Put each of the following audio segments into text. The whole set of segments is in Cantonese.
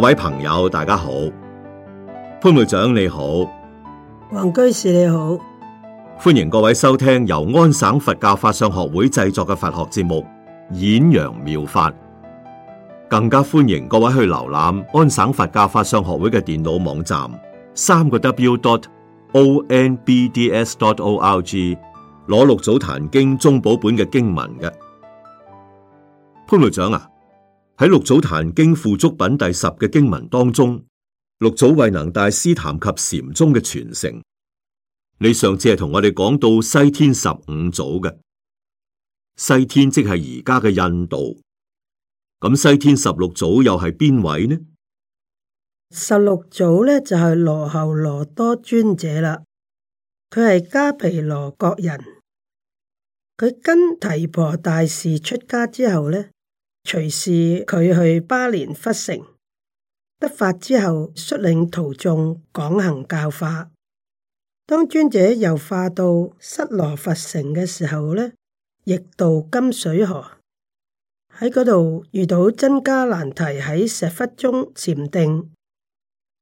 各位朋友，大家好，潘會長你好，王居士你好，歡迎各位收聽由安省佛教法相學會製作嘅佛學節目《演揚妙法》，更加歡迎各位去瀏覽安省佛教法相學會嘅電腦網站，三個 W dot onbds dot org，攞六祖壇經中寶本嘅經文嘅潘會長啊！喺六祖壇經付囑品第十嘅經文當中，六祖惠能大師談及禪宗嘅傳承。你上次係同我哋講到西天十五祖嘅，西天即係而家嘅印度。咁西天十六祖又係邊位呢？十六祖咧就係羅喉羅多尊者啦，佢係迦毗羅國人，佢跟提婆大士出家之後咧。隨時佢去巴連佛城得法之後，率領徒眾廣行教化。當尊者又化到失羅佛城嘅時候呢，亦渡金水河，喺嗰度遇到僧伽難提喺石窟中禪定。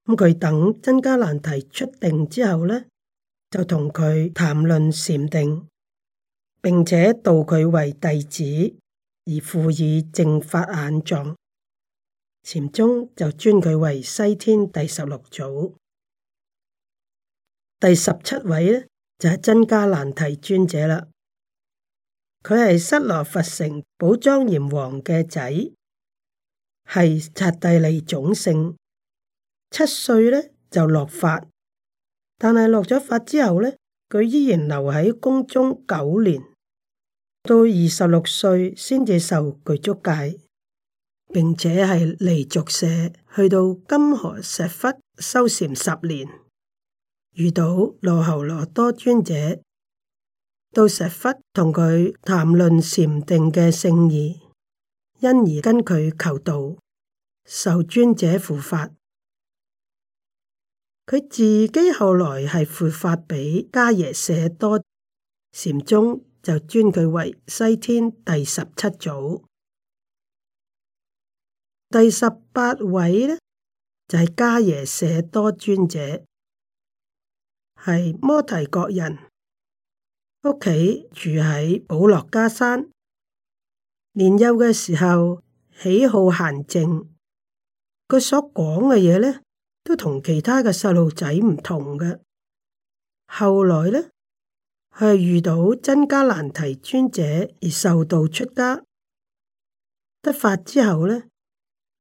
咁佢等僧伽難提出定之後呢，就同佢談論禪定，並且度佢為弟子。而富以正法眼藏，禪宗就尊佢為西天第十六祖。第十七位呢，就係、是、僧伽難提尊者啦，佢係失羅佛城寶莊嚴王嘅仔，係剎帝利種姓。七歲呢，就落法，但係落咗法之後呢，佢依然留喺宮中九年。到二十六歲先至受具足戒，並且係離俗捨去到金河石窟修禪十年。遇到羅喉羅多尊者，到石窟同佢談論禪定嘅聖義，因而跟佢求道，受尊者付法。佢自己後來係付法俾伽耶舍多禪宗。就尊佢為西天第十七祖，第十八位呢，就係迦耶舍多尊者，係摩提國人，屋企住喺保樂加山。年幼嘅時候喜好閒靜，佢所講嘅嘢呢，都同其他嘅細路仔唔同嘅。後來呢。佢係遇到僧伽難提尊者而受道出家得法之後呢，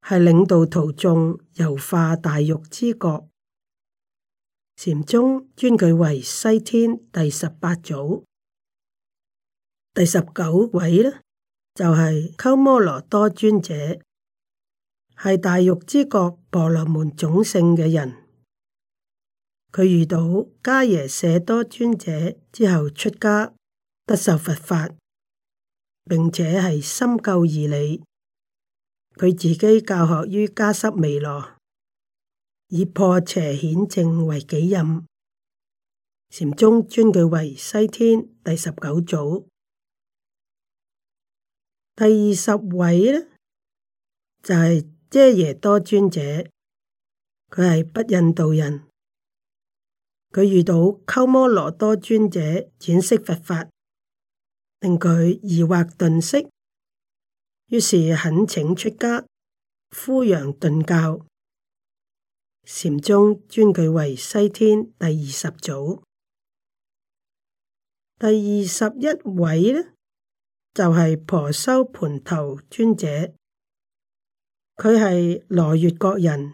係領導徒眾，遊化大玉之國。禪宗尊佢為西天第十八祖，第十九位呢就係、是、鳩摩羅多尊者，係大玉之國婆羅門種姓嘅人。佢遇到迦耶舍多尊者之後出家，得受佛法，並且係深究義理。佢自己教學於加濕彌羅，以破邪顯正為己任。禪宗尊佢為西天第十九祖，第二十位呢，就係遮耶多尊者，佢係北印度人。佢遇到鳩摩羅多尊者展釋佛法，令佢疑惑頓息，於是懇請出家，呼揚頓教。禪宗尊佢為西天第二十祖，第二十一位呢，就係、是、婆修盤頭尊者，佢係羅越國人，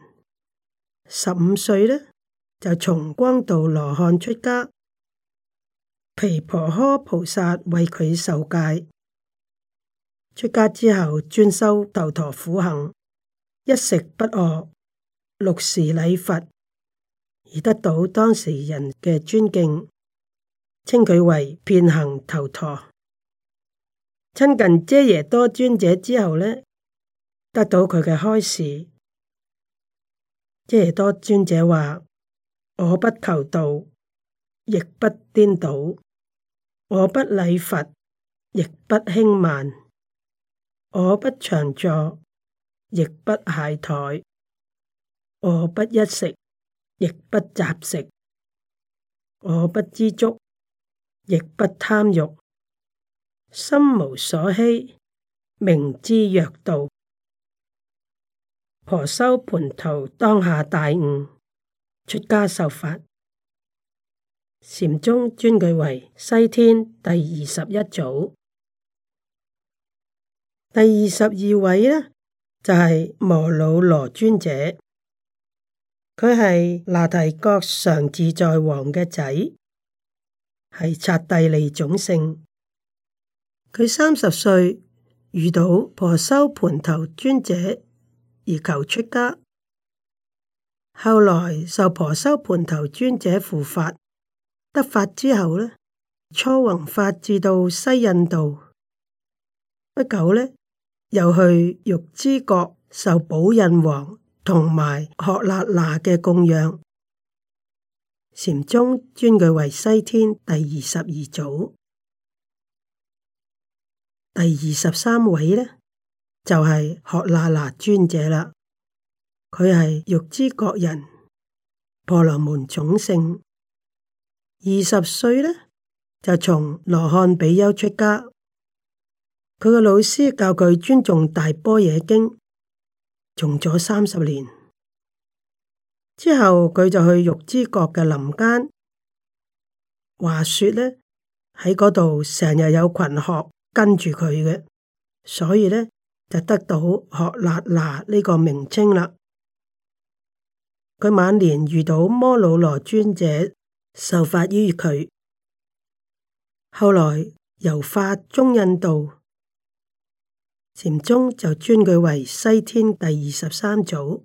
十五歲呢。就從光道羅漢出家，皮婆訶菩薩為佢受戒。出家之後專修頭陀苦行，一食不餓，六時禮佛，而得到當時人嘅尊敬，稱佢為遍行頭陀。親近遮耶多尊者之後呢，得到佢嘅開示，遮耶多尊者話。我不求道，亦不顛倒；我不禮佛，亦不輕慢；我不長坐，亦不懈怠；我不一食，亦不雜食；我不知足，亦不貪欲。心無所希，明知若道，婆修盤頭，當下大悟。出家受法，禪宗尊佢為西天第二十一祖，第二十二位呢，就係、是、摩魯羅尊者。佢係那提國常自在王嘅仔，係剎帝利種姓。佢三十歲遇到婆修盤頭尊者而求出家。後來受婆修盤頭尊者付法得法之後咧，初弘法至到西印度，不久咧，又去月支國受寶印王同埋鶴勒那嘅供養，禪宗尊佢為西天第二十二祖，第二十三位咧就係鶴勒那尊者啦。佢係玉之國人，婆羅門種姓。二十歲呢，就從羅漢比丘出家，佢個老師教佢尊重大般若經，從咗三十年之後，佢就去玉之國嘅林間。話說呢，喺嗰度成日有群學跟住佢嘅，所以呢，就得到學辣辣呢個名稱啦。佢晚年遇到摩魯羅尊者受法於佢，後來遊化中印度，禪宗就尊佢為西天第二十三祖。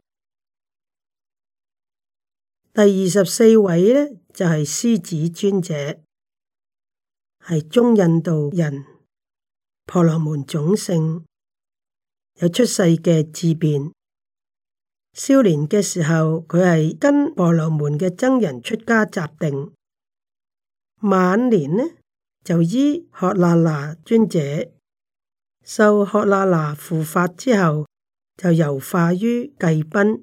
第二十四位呢，就係獅子尊者，係中印度人，婆羅門種姓，有出世嘅智辯。少年嘅時候，佢係跟婆羅門嘅僧人出家習定，晚年呢就依鶴勒那尊者受鶴勒那付法之後，就遊化於罽賓，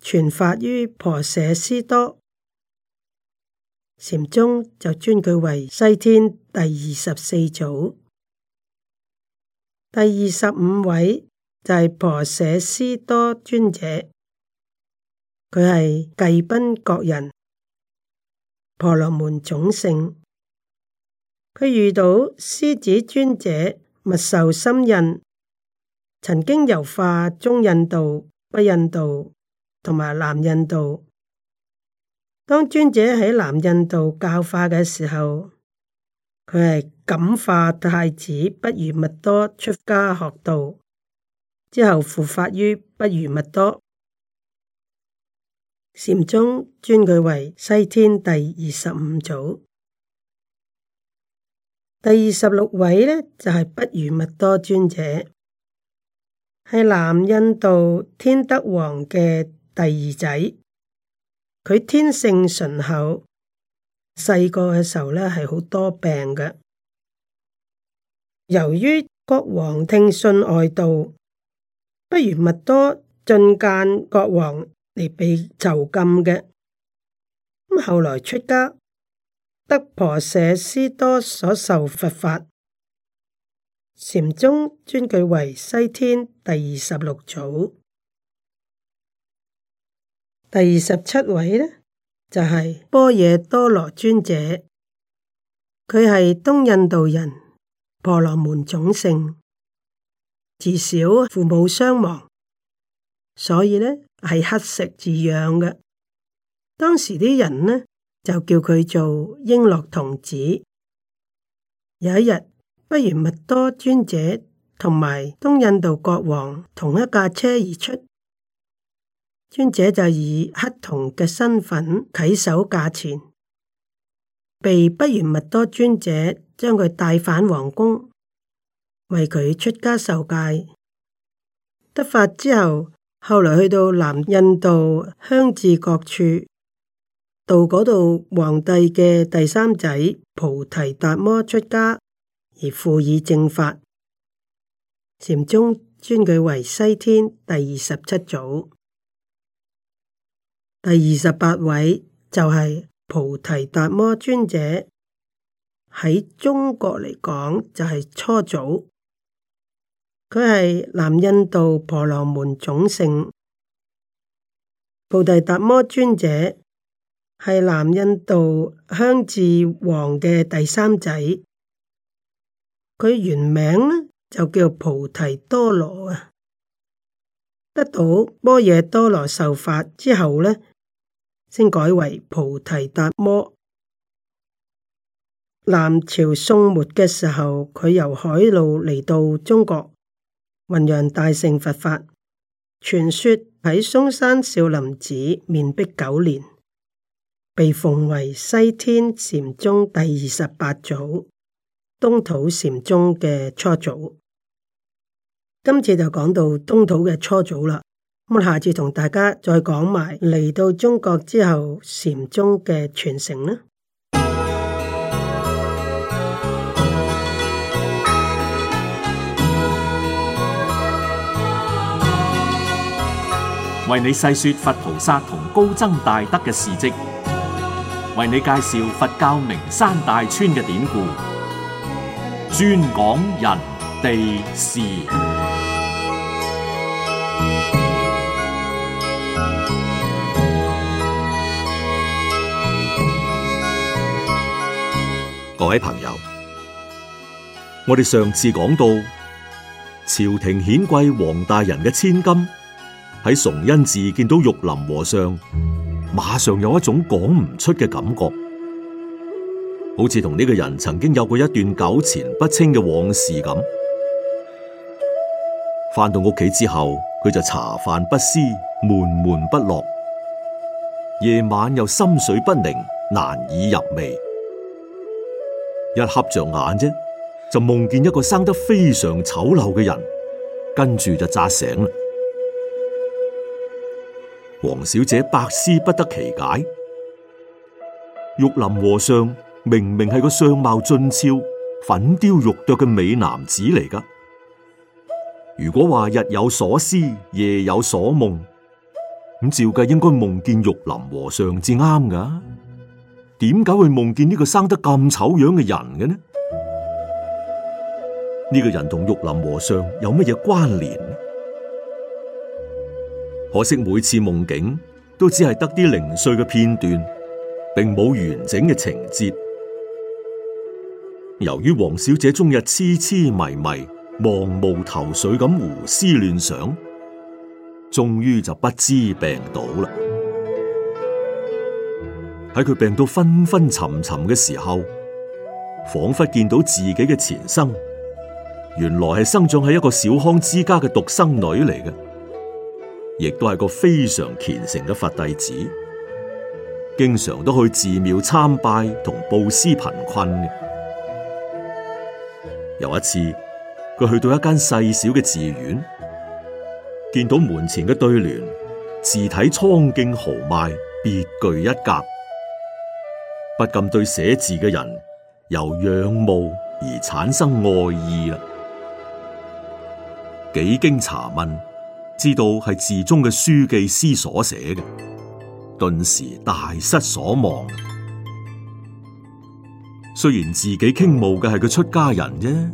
傳法於婆舍斯多，禪宗就尊佢為西天第二十四祖。第二十五位，大婆舍斯多尊者，佢係罽賓國人，婆羅門種姓。佢遇到獅子尊者，密受心印，曾經遊化中印度、北印度同埋南印度。當尊者喺南印度教化嘅時候，佢係感化太子不如蜜多出家學道。之後復發於不如蜜多禪宗，尊佢為西天第二十五祖。第二十六位呢，就係、是、不如蜜多尊者，係南印度天德王嘅第二仔。佢天性純厚，細個嘅時候呢，係好多病嘅，由於國王聽信外道。不如密多進諫國王嚟，被囚禁嘅咁，後來出家得婆舍斯多所受佛法，禪宗尊佢為西天第二十六祖。第二十七位呢，就係般若多羅尊者，佢係東印度人，婆羅門種姓。自少父母雙亡，所以呢，係乞食自養嘅。當時啲人呢就叫佢做瓔珞童子。有一日，不如蜜多尊者同埋東印度國王同一架車而出，尊者就以乞童嘅身份啟手駕前，被不如蜜多尊者將佢帶返皇宮。為佢出家受戒得法之後，後來去到南印度香至各處，到嗰度皇帝嘅第三仔菩提達摩出家而付以正法，禪宗尊佢為西天第二十七祖，第二十八位就係菩提達摩尊者，喺中國嚟講就係初祖。佢係南印度婆羅門種姓，菩提達摩尊者係南印度香至王嘅第三仔。佢原名呢就叫菩提多羅啊，得到摩耶多羅受法之後呢先改為菩提達摩。南朝宋末嘅時候，佢由海路嚟到中國。弘揚大乘佛法，傳說喺嵩山少林寺面壁九年，被奉為西天禪宗第二十八祖，東土禪宗嘅初祖。今次就講到東土嘅初祖啦。咁我下次同大家再講埋嚟到中國之後禪宗嘅傳承啦。為你細說佛菩薩同高僧大德嘅事跡，為你介紹佛教名山大川嘅典故，專講人地事。各位朋友，我哋上次講到朝廷顯貴黃大人嘅千金。喺崇恩寺見到玉林和尚，馬上有一種講唔出嘅感覺，好似同呢個人曾經有過一段糾纏不清嘅往事咁。翻到屋企之後，佢就茶飯不思、悶悶不樂，夜晚又心水不寧、難以入寐。一合着眼啫，就夢見一個生得非常醜陋嘅人，跟住就扎醒啦。黃小姐百思不得其解，玉林和尚明明係個相貌俊俏、粉雕玉琢嘅美男子嚟噶。如果話日有所思、夜有所夢，咁照計應該夢見玉林和尚至啱噶。點解會夢見呢個生得咁醜樣嘅人嘅呢？呢個人同玉林和尚有乜嘢關聯？可惜每次夢境都只係得啲零碎嘅片段，並冇完整嘅情節。由於黃小姐終日痴痴迷迷、茫無頭水咁胡思亂想，終於就不知病倒啦。喺佢病到昏昏沉沉嘅時候，仿佛見到自己嘅前生，原來係生長喺一個小康之家嘅獨生女嚟嘅。亦都係個非常虔誠嘅佛弟子，經常都去寺廟參拜同布施貧困嘅。有一次，佢去到一間細小嘅寺院，見到門前嘅對聯，字體蒼勁豪邁，別具一格，不禁對寫字嘅人由仰慕而產生愛意啦。幾經查問，知道係寺中嘅書記師所寫嘅，頓時大失所望。雖然自己傾慕嘅係佢出家人啫，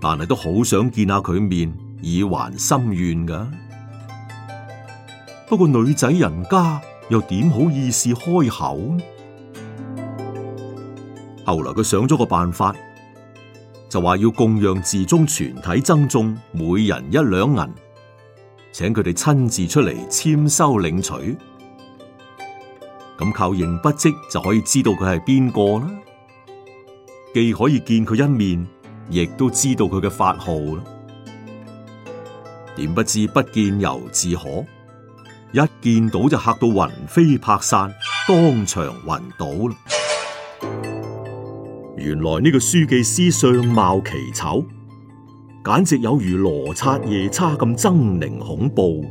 但係都好想見下佢面以還心願噶。不過女仔人家又點好意思開口呢？後來佢想咗個辦法，就話要供養寺中全體僧眾，每人一兩銀。請佢哋親自出嚟，簽收領取，咁靠認筆跡，就可以知道佢係邊個啦，既可以見佢一面，亦都知道佢嘅法號啦。點不知不見猶自可，一見到就嚇到魂飛魄散，當場暈倒啦。原來呢個書記師相貌奇醜。簡直有如羅剎夜叉咁猙獰恐怖。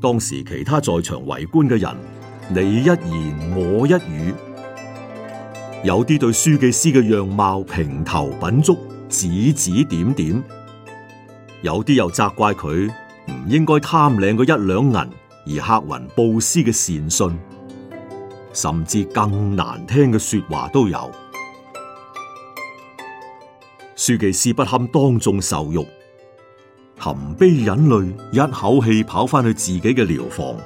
當時其他在場圍觀嘅人，你一言我一語，有啲對書記師嘅樣貌評頭品足，指指點點，有啲又責怪佢唔應該貪領嗰一兩銀而客雲布施嘅善信，甚至更難聽嘅說話都有。書記師不堪當眾受辱，含悲忍淚，一口氣跑翻去自己嘅寮房，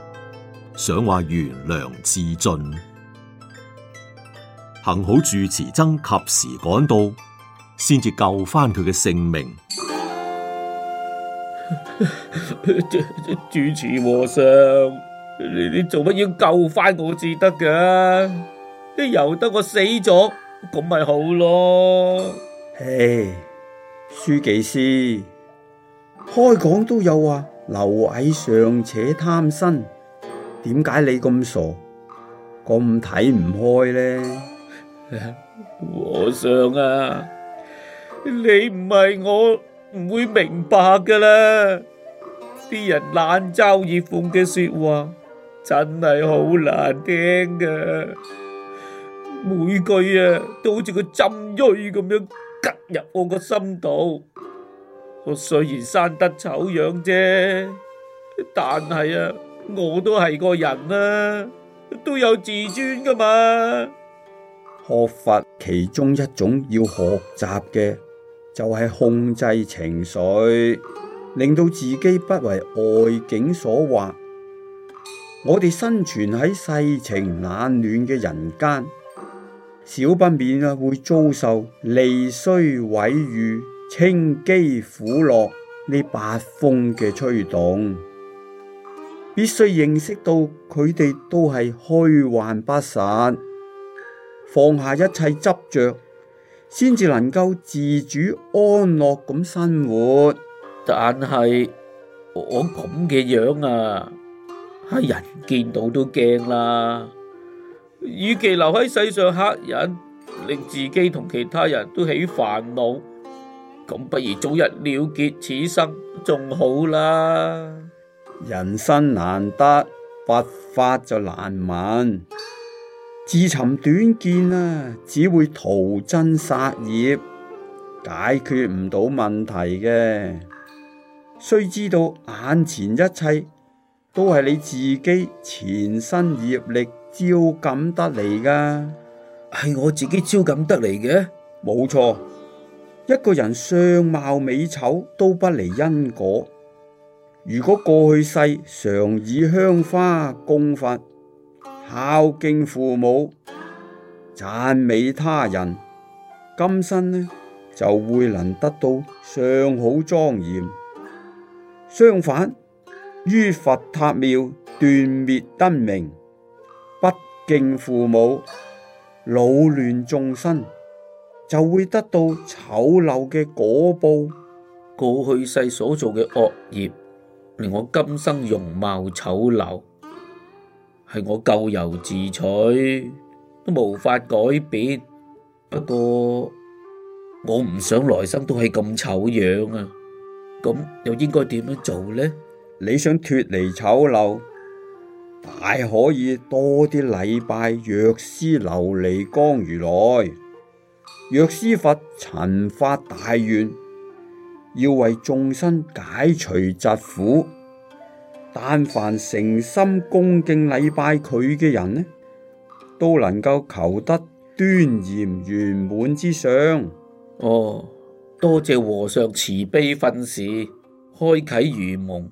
想話懸樑自盡。幸好住持僧及時趕到，先至救翻佢嘅性命。住 持和尚，你你做乜要救翻我？至得㗎，你由得我死咗咁咪好咯？嘿，hey，書記師開講都有話，啊，螻蟻尚且貪生，點解你咁傻咁睇唔開咧？ 和尚啊，你唔係我唔會明白噶啦，啲人冷嘲熱諷嘅說話真係好難聽噶，每句啊都好似個針錐咁樣。得入我個心度，我雖然生得醜樣啫，但係啊，我都係個人啊，都有自尊噶嘛。學佛其中一種要學習嘅，就係、是、控制情緒，令到自己不為外境所惑。我哋生存喺世情冷暖嘅人間。少不免啊，會遭受利衰毀譽、稱譏苦樂呢八風嘅吹動，必須認識到佢哋都係虛幻不實，放下一切執着，先至能夠自主安樂咁生活。但係我咁嘅樣啊，係人見到都驚啦。與其留喺世上乞人令自己同其他人都起煩惱，咁不如早日了結此生，仲好啦。人生難得，佛法就難聞。自尋短見啊，只會徒增殺業，解決唔到問題嘅。需知道眼前一切都係你自己前生業力。招感得嚟噶，係我自己招感得嚟嘅，冇錯。一個人相貌美醜都不離因果。如果過去世常以香花供佛、孝敬父母、讚美他人，今生呢就會能得到相好莊嚴。相反，於佛塔廟斷滅燈明。敬父母，惱亂眾生，就會得到醜陋嘅果報。過去世所做嘅惡業，令我今生容貌醜陋，係我咎由自取，都無法改變。不過，我唔想來生都係咁醜樣啊！咁又應該點樣做呢？你想脱離醜陋？大可以多啲禮拜藥師琉璃光如來，藥師佛曾發大願，要為眾生解除疾苦。但凡誠心恭敬禮拜佢嘅人呢，都能夠求得端嚴圓滿之相。哦，多謝和尚慈悲訓示，開啟愚蒙。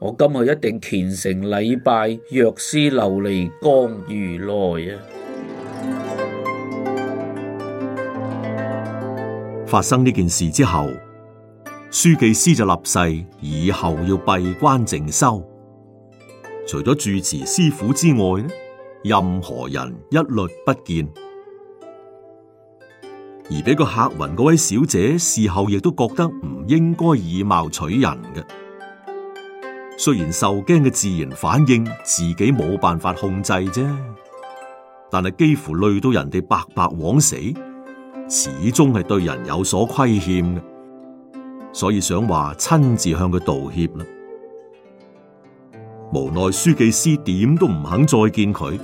我今日一定虔誠禮拜藥師琉璃光如來啊！發生呢件事之後，書記師就立誓以後要閉關靜修，除咗住持師傅之外，任何人一律不見。而俾個客云嗰位小姐事後亦都覺得唔應該以貌取人嘅，雖然受驚嘅自然反應，自己冇辦法控制啫，但係幾乎累到人哋白白枉死，始終係對人有所虧欠嘅，所以想話親自向佢道歉啦。無奈書記師點都唔肯再見佢，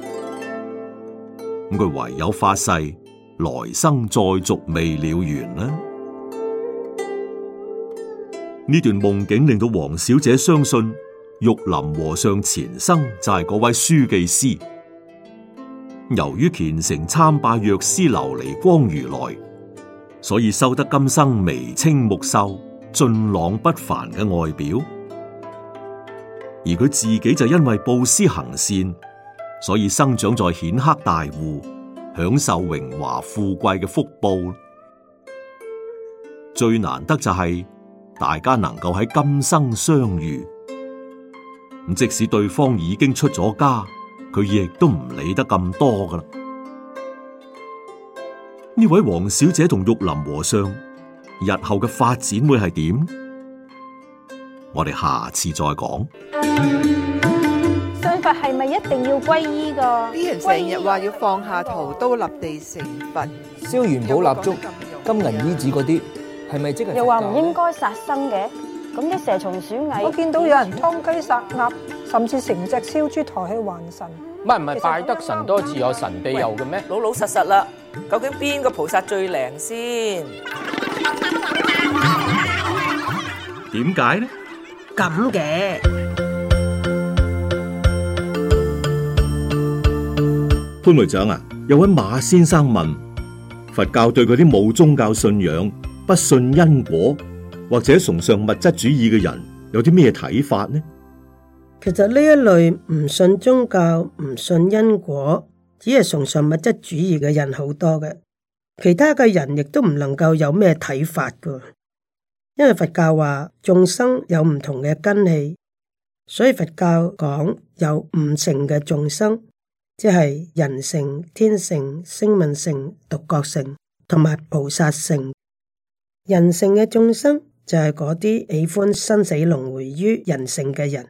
咁佢唯有發誓，來生再續未了緣啦。呢段夢境令到黃小姐相信。玉林和尚前生就係嗰位書記師，由於虔誠參拜藥師琉璃光如來，所以修得今生眉清目秀、俊朗不凡嘅外表。而佢自己就因為布施行善，所以生長在顯赫大戶，享受榮華富貴嘅福報。最難得就係大家能夠喺今生相遇。咁即使對方已經出咗家，佢亦都唔理得咁多噶啦。呢位黃小姐同玉林和尚日後嘅發展會係點？我哋下次再講。信佛係咪一定要皈依噶？啲人成日話要放下屠刀立地成佛，燒元寶蠟燭、金銀衣紙嗰啲，係咪即係又話唔應該殺生嘅？咁啲蛇蟲鼠蟻，我見到有人劏雞殺鴨，甚至成隻燒豬抬起還神。唔係唔係，拜得神多自有神庇佑嘅咩？老老實實啦，究竟邊個菩薩最靈先？點解呢？咁嘅潘會長啊，有位馬先生問佛教對嗰啲冇宗教信仰、不信因果，或者崇尚物質主義嘅人有啲咩睇法呢？其實呢一類唔信宗教、唔信因果，只係崇尚物質主義嘅人好多嘅。其他嘅人亦都唔能夠有咩睇法噶，因為佛教話眾生有唔同嘅根器，所以佛教講有五成嘅眾生，即係人性、天性、聲聞性、獨覺性同埋菩薩性，人性嘅眾生。就係嗰啲喜歡生死輪迴於人性嘅人，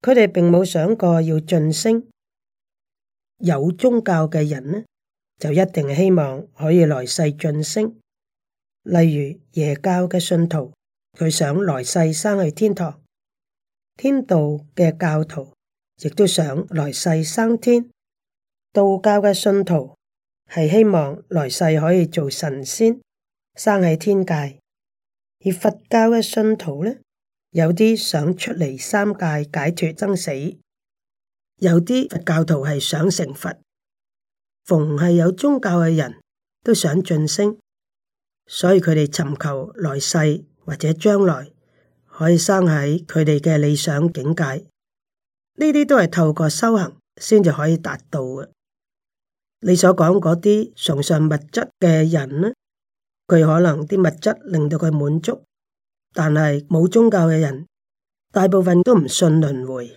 佢哋並冇想過要晉升。有宗教嘅人呢，就一定希望可以來世晉升。例如耶教嘅信徒，佢想來世生去天堂；天道嘅教徒亦都想來世生天；道教嘅信徒係希望來世可以做神仙，生喺天界。而佛教嘅信徒呢，有啲想出嚟三界解脫生死，有啲佛教徒係想成佛，逢係有宗教嘅人都想晉升，所以佢哋尋求來世或者將來可以生喺佢哋嘅理想境界，呢啲都係透過修行先至可以達到嘅。你所講嗰啲崇尚物質嘅人呢？佢可能啲物質令到佢滿足，但係冇宗教嘅人，大部分都唔信輪回，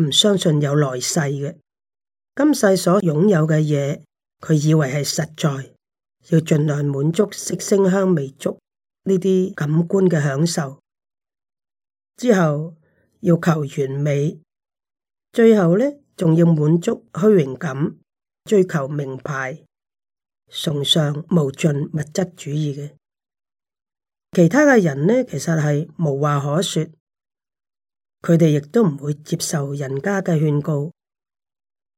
唔相信有來世嘅。今世所擁有嘅嘢，佢以為係實在，要盡量滿足色、聲香味觸呢啲感官嘅享受，之後要求完美，最後呢仲要滿足虛榮感，追求名牌。崇尚無盡物質主義嘅其他嘅人呢？其實係無話可說，佢哋亦都唔會接受人家嘅勸告。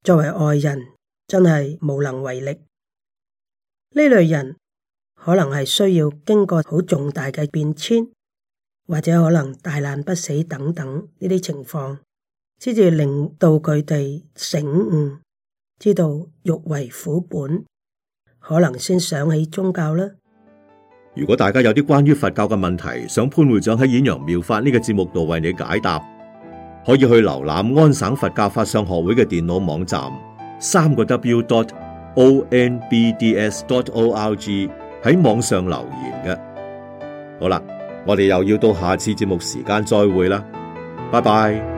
作為外人，真係無能為力。呢類人可能係需要經過好重大嘅變遷，或者可能大難不死等等呢啲情況，先至令到佢哋醒悟，知道欲為苦本。可能先想起宗教啦。如果大家有啲關於佛教嘅問題，想潘會長喺《演揚妙法》呢、這個節目度為你解答，可以去瀏覽安省佛教法相學會嘅電腦網站，三個 w.dot.o.n.b.d.s.dot.o.r.g 喺網上留言嘅。好啦，我哋又要到下次節目時間再會啦，拜拜。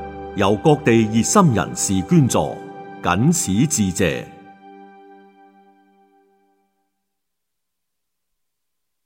由各地熱心人士捐助，謹此致謝。